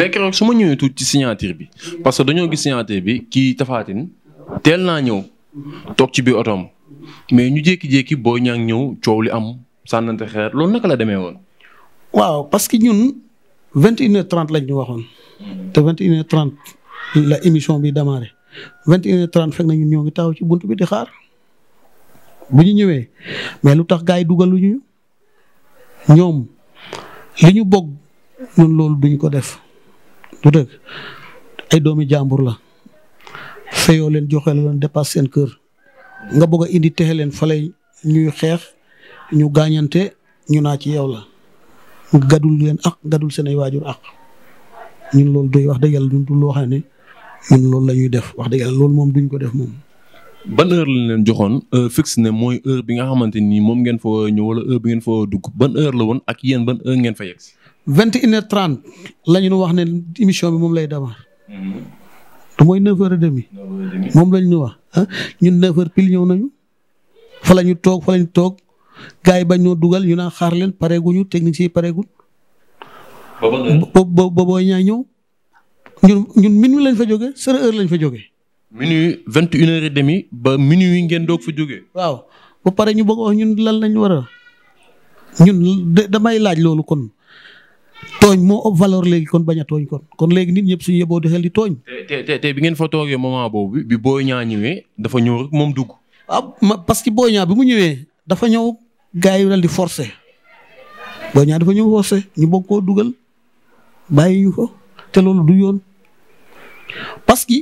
mais keroog su ma ñëwee tuuti ci signature bi parce que dañoo gis signature bi ki Tapha teel naa ñëw toog ci biir otoom mais ñu jékki-jékki Boy Niang ñëw coow li am sànnante xeer loolu naka la demee woon. waaw parce que ñun vingt et une lañ ñu waxoon te vingt une heure la émission bi démarré vingt et une heure na ñun ñoo ngi taw ci bunt bi di xaar bu ñu ñëwee mais lu tax gars yi dugal lu ñu ñoom li ñu bokk ñun loolu duñ ko def. du dëgg ay doomi jàmbur la feyoo leen joxe leen dépasse seen kër nga bëgg a indi texe leen fa lay ñuy xeex ñu gaañante ñu naat ci yow la gadul leen ak gadul seen ay waajur ak ñun loolu doy wax dëgg yàlla duñ loo xam ne ñun loolu la ñuy def wax dëgg yàlla loolu moom duñ ko def moom. ban heure leen joxoon heure fixe ne mooy heure bi nga xamante ni moom ngeen fa ñëw wala heure bi ngeen fa dugg ban heure la woon ak yéen ban heure ngeen fa yegg si vingt et une heure trente la ñu wax ne émission bi moom lay démarrer. te mooy neuf heures moom la ñu wax ah, ñun neuf heures ñëw nañu. fa la ñu toog fa toog gars bañ ñoo dugal ñu naan xaar leen pareeguñu technicien yi pareegul. boobu boobu boobu ñaa ñëw. ñun ñun minuit lañ fa jógee sere heure lañ fa jógee. vingt une heure et demie ba ngeen doog fa jógee. waaw ba pare ñu bëgg ñun lan lañ war a ñun damay laaj loolu kon. tooñ moo ëpp valeur léegi kon bañ a tooñ kon léegi nit ñëpp suñu yeboo di xel di tooñ. te te bi ngeen fa toogee moment boobu bi Boy Niang ñëwee dafa ñëw rek moom dugg. ah ma parce que Boy Niang bi mu ñëwee dafa ñëw gars yi daal di forcer Boy Niang dafa ñëw forcer ñu bokk koo dugal bàyyi ñu ko te loolu du yoon parce que.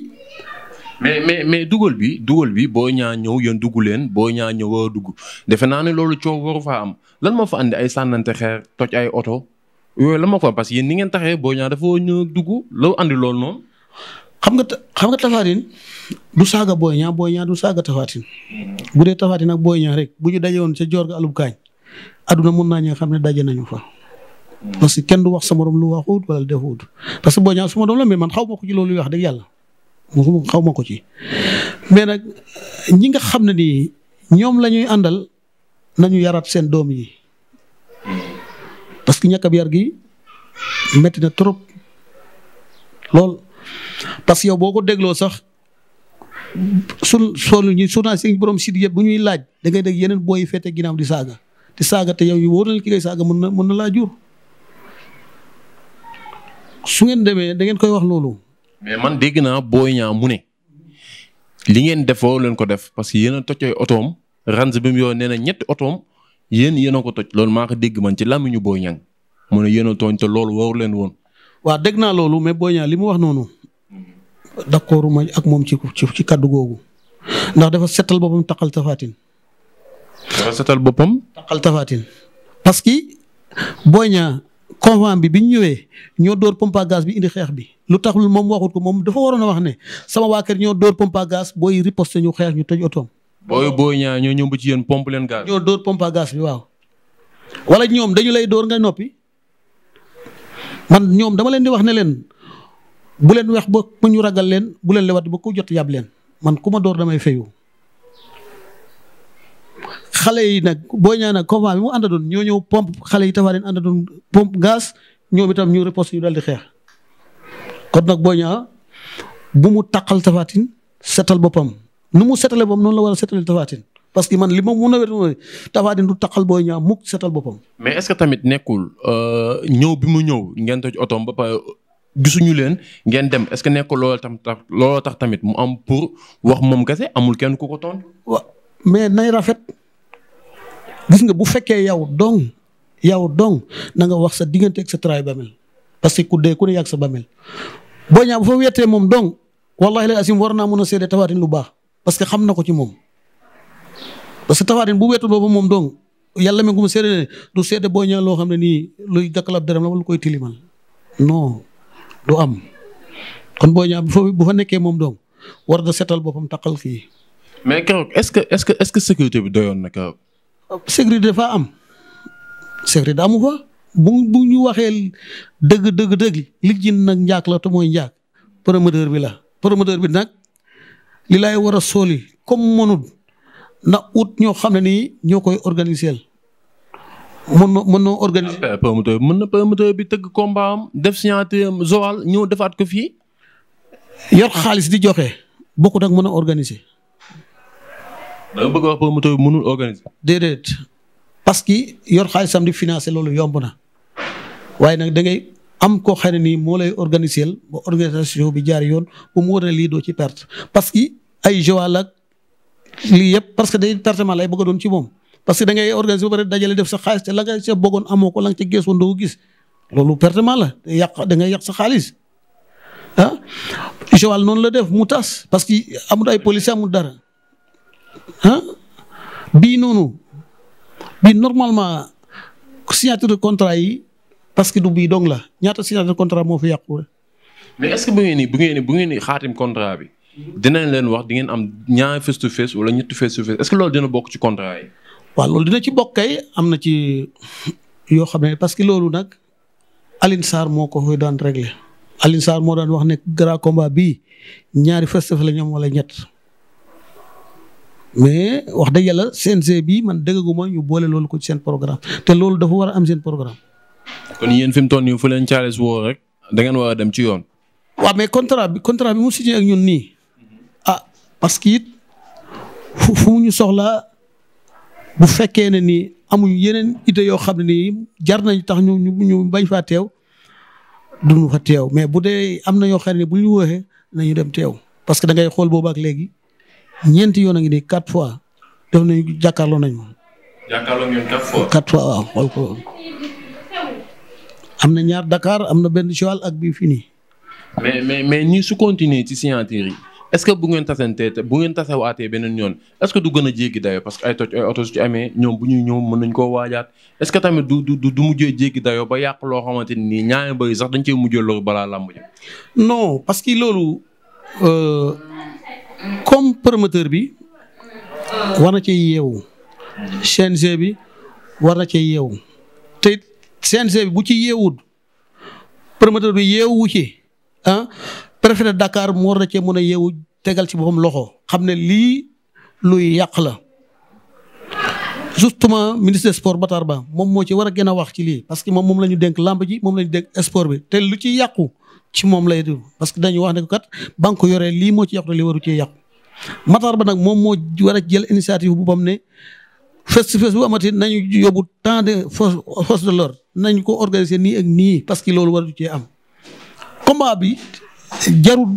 mais mais mais dugal bi dugal bi Boy ñaa ñëw yéen dugg leen Boy Niang ñëw war dugg defe naa ne loolu coow waru faa am lan moo fa andi ay sànnante xeer toj ay oto. yooyu la ma ko parce que ni ngeen taxe boo ñaa dafa ñëw dugg la andi loolu noonu. xam nga xam nga tafaatin du saaga booy ñaa booy ñaa du saaga tafaatin bu dee tafaatin ak booy ñaa rek bu ñu daje woon ca joor ga alub kaañ aduna mun naa ñoo xam ne daje nañu fa. parce que kenn du wax sa morom lu waxut wala defut parce que booy ñaa su ma doon la mais man xaw ma ko ci loolu wax dëgg yàlla moom xaw ma ko ci. mais nag ñi nga xam ne nii ñoom lañuy àndal nañu yaraat seen doom yi. parce que ñàkk ab yar gi metti na trop lool parce que yow boo ko dégloo sax sun sonu ñi journaliste yi borom site yëpp bu ñuy laaj da ngay dégg yeneen booy fete ginnaaw di saaga di saaga te yow yu wóor na ki saaga mën na mën na laa jur su ngeen demee da ngeen koy wax loolu. mais man dégg naa booy ñaa mu ne li ngeen def defoo leen ko def parce que yéen a toccee otoom range bi mu nee na ñetti otoom yéen yéen a ko toj loolu maa ko dégg man ci làmmiñu Boy Niang mu ne yéen a tooñ te loolu waru leen woon. waa dégg naa loolu mais Boy Niang li mu wax noonu d'accord ma ak moom ci ci kaddu googu ndax dafa setal boppam taqal tafaatin. dafa setal boppam. taqal tafaatin parce que Boy Niang convent bi bi ñu ñëwee ñoo dóor pompe à gaz bi indi xeex bi lu taxul moom waxut ko moom dafa waroon a wax ne sama waa kër ñoo dóor pompe à gaz booy riposte ñu xeex ñu tëj otoom booy booy ñaa ñoo ñëw ba ci yéen pomp leen gaz. ñoo dóor pompe à bi waaw. wala ñoom dañu lay dóor nga noppi man ñoom dama leen di wax ne leen bu leen weex ba ku ñu ragal leen bu leen lewat ba ku jot yàb leen man ku door damay fayu. xale yi nag boo ñaa nag combat bi mu àndandoon ñoo ñëw pompe xale yi tafaareen àndandoon pompe gaz ñoom itam ñu riposte yu dal di xeex kon nag booñaa bu mu taqal tafaatin setal boppam. nu mu setale boobu noonu la war a setale tafaatin parce que man li ma mun a wér mooy tafaatin du taxal booy ñaa mukk setal boppam. mais est tamit nekkul euh, ñëw bi mu ñëw ngeen toj otoom ba pare gisuñu leen ngeen dem est-ce que nekkul looloo tam tax looloo tax tamit mu am pour wax moom kese amul kenn ku ko tontu. wa mais nay rafet gis nga bu fekkee yow dong yow dong na nga wax sa diggante ak sa travail ba mel parce que ku dee ku ne yàgg sa ba mel booy ñaa bu fa weetee moom dong wallaahi la asim war naa mën a seede tafaatin lu baax. parce que xam na ko ci moom parce que Tapha bu wetu boobu moom dong yàlla mi ngi mu seede ne du seede boo ñëwee loo xam ne nii luy gàkkalab dërëm la wala koy tilimal non du am kon boo ñëwee foofu bu fa nekkee moom dong war da setal boppam taqal kii. mais keroog est-ce que est-ce que est-ce que sécurité bi doyoon na keroog. sécurité dafa am sécurité amu fa bu bu ñu waxee dëgg dëgg dëgg li ci nag njaak la te mooy njaak promoteur bi la promoteur bi li laay war a sooli comme mënut na ut ñoo xam ne nii ñoo koy organiser mën na mën na organiser. Ah, promoteur mën na promoteur bi tëgg combat def signature am Joal ñëw defaat ko fii. yor xaalis di joxe bokkut ak mën a organiser. dama bëgg mënul organiser. déedéet parce que yor xaalisam di financer loolu yomb na waaye nag da am ko xam ne nii moo lay organiser ba organisation bi jaar yoon ba mu war ne lii doo ci perte parce que ay Joal ak lii yëpp parce que day pertement lay bëgg a doon ci moom parce que da ngay organiser ba pare def sa xaalis te la nga ca bëggoon amoo ko la nga ca woon doo gis loolu pertement la yàq da ngay yàq sa xaalis ah Joal noonu la def mu tas parce que amul ay policier amul dara ah bii noonu bii normalement signature de contrat yi. parce que du bii dong la ñaata signature contrat moo fi yàqu. mais est-ce que bu ngeen ni bu ngeen ni bu ngeen xaatim contrat bi. dinañ leen wax di ngeen am ñaari face to face wala est-ce que loolu dina bokk ci contrat yi. waaw loolu dina ci bokk kay am na ci yoo xam ne parce que loolu nag Alioune Sarr moo ko daan réglé Alioune Sarr moo daan wax ne grand combat bii ñaari face to face la ñoom wala ñett. mais wax dëgg yàlla CNG bi man dëggaguma ñu boole loolu ko ci seen programme te loolu dafa war a am seen programme. kon yéen fi mu toll nii fu leen Thialis woo rek da ngeen war a dem ci yoon. waa mais contrat bi contrat bi mu signé ak ñun nii ah parce que it fu ñu soxla bu fekkee ne nii amuñu yeneen idée yoo xam ne nii jar nañ tax ñu ñu bañ faa teew duñu fa teew mais bu dee am na ñoo xam ne bu ñu waxee nañu dem teew parce que da ngay xool boobu ak léegi ñeenti yoon a ngi nii quatre fois def nañu jàkkaarloo nañu. jàkkaarloo quatre fois. waaw am na ñaar Dakar am na benn Joal ak bii fi nii. mais mais mais ñi su continuer ci signature yi est-ce que bu ngeen tasantee bu ngeen tasawaatee beneen yoon est-ce que du gën a jéggi dayoo parce que ay toj ay oto su ci amee ñoom bu ñuy ñëw mën nañ koo waajaat est-ce que tamit du du du mujjee jéggi dayoo ba yàq loo xamante ni ñaari mbër yi sax dañ cee mujjee loolu balaa làmb ja non parce que loolu euh, comme promoteur bi war na ci yeewu CNG bi war na ci yeewu CNG bi bu ci yeewut promoteur bi yeewu ci ah préfet Dakar mu war na cee mën a yeewu tegal ci boppam loxo xam ne lii luy yàq la. justement ministre des sports Matar Ba moom moo ci war a gën a wax ci lii parce que moom moom la ñu dénk làmb ji moom la ñu dénk sport bi te lu ci yàqu ci moom lay du parce que dañu wax ne kat ba nga lii moo ci yàqu te lii waru cee yàqu Matar Ba nag moom moo war a jël initiative bu bam ne face to face bu amati nañu yóbbu tant de force de l'ordre nañ ko organiser nii ak nii parce que loolu waru cee am combat bi jarul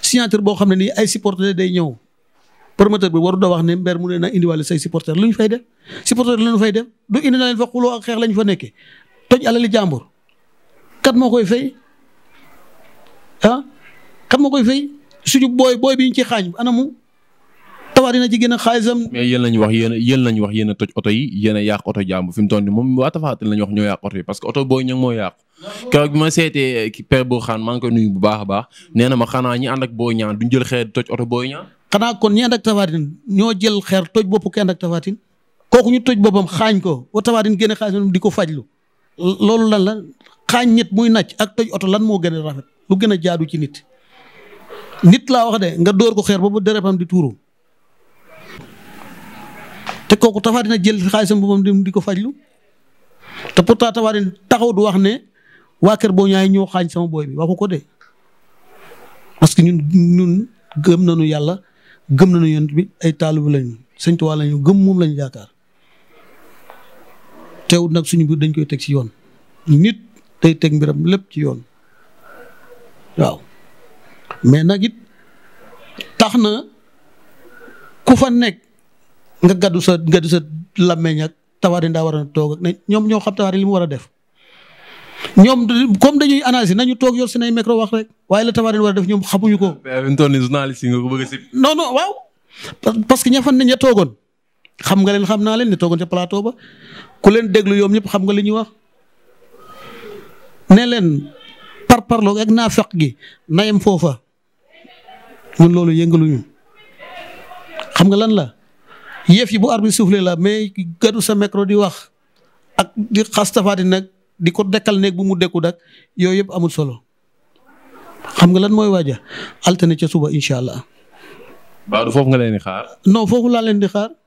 signature boo xam ne nii ay supporters day ñëw promoteur bi waru da wax ne mber mu ne na indiwaale say supporters lu ñu fay def supporters lu ñu fay def du indi na leen fa xuloo ak xeex lañ fa nekke toj alali jàmbur kat moo koy fay ah kat moo koy fay suñu booy booy bi ñu ci xaañ anamu. tafaar dina ci gën a xaalisam. mais yéen lañ wax yéen yéen wax yéen a toj oto yi yéen a yàq oto jàmm fi mu toll nii parce que oto ma seetee eh, père boo xaan maa a baax nee ak booy ñaan duñ jël xeer toj oto booy ñaan. xanaa kon ñi ànd ak ñoo jël xeer toj bopp kenn ak tafaar kooku ñu toj boppam xaañ ko ba tafaar gën a xaalisam di ko fajlu loolu lan la xaañ ñet muy nac ak toj oto lan moo gën a rafet lu gën a jaadu ci nit nit laa wax de nga door ko xeer ba ba deretam di tuuru te kooku Tapha Tine jël xaalisam boppam di ko fajlu te pourtant Tapha taxaw du wax ne waa kër boo ñaay ñëw xaañ sama booy bi waxu ko de parce que ñun gëm nañu yàlla gëm nañu yonent bi ay taalibe lañu Sëñ Tuubaa lañu gëm moom lañu yaakaar teewul nag suñu biir dañ koy teg ci yoon nit day teg mbiram lépp ci yoon waaw mais nag it tax na ku fa nekk nga gaddu sa gaddu sa làmmeñ ak tafatin daa war a toog ñoom ñoo xam li mu war a def. ñoom comme dañuy analyser nañu toog yor seen ay micro wax rek waaye la tafatin war a def ñoom xamuñu ko. mais fi mu journaliste yi nga waaw parce que ña fan ne ña toogoon xam nga leen xam naa leen ne toogoon ca plateau ba ku leen déglu yoom ñëpp xam nga li ñuy wax leen par parloo ak naafeq gi nayem foofa ñun loolu yëngaluñu xam nga lan la. yëf yi bu arbitre soufflé la mais gadu sa micro di wax ak di xas Tapha nag di ko dekkal néeg bu mu dekku dag yooyu yëpp amul solo xam nga lan mooy waaja altine ca suba incha allah. waaw du foofu nga leen di xaar. non foofu laa leen di xaar.